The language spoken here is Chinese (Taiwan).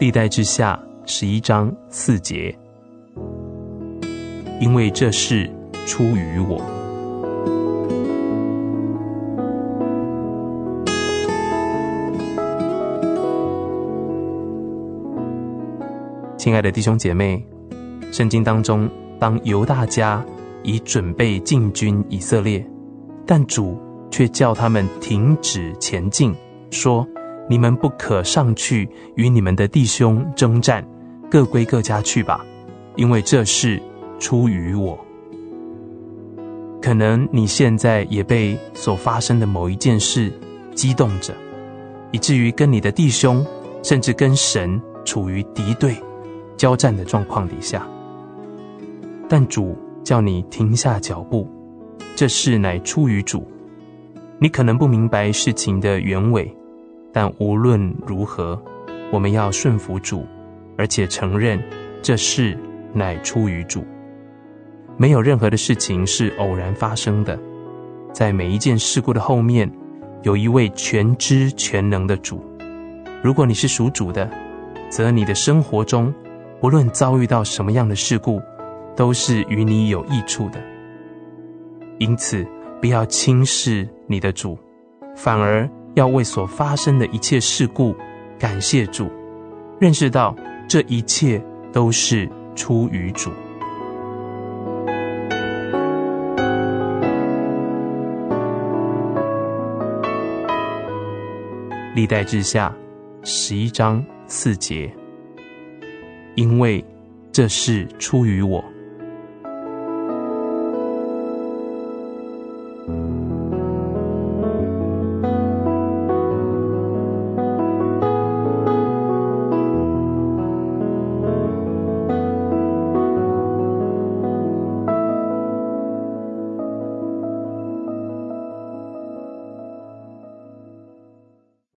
歷代之下十一章四節，因為這事出於我。親愛的弟兄姐妹，聖經當中，當猶大家已準備進軍以色列，但主卻叫他們停止前進，說。你們不可上去與你們的弟兄爭戰，各歸各家去吧，因為這事出於我。可能你現在也被所發生的某一件事激動着，以至於跟你的弟兄，甚至跟神處於敵對、交戰的狀況底下。但主叫你停下腳步，這事乃出於主。你可能不明白事情的原委。但無論如何，我們要順服主，而且承認這事乃出於主。沒有任何的事情是偶然發生的，在每一件事故的後面，有一位全知全能的主。如果你是屬主的，則你的生活中，不論遭遇到什麼樣的事故，都是與你有益處的。因此，不要輕視你的主，反而，要為所發生的一切事故感謝主，認識到這一切都是出於主。歷代志下十一章四節，因為這事出於我。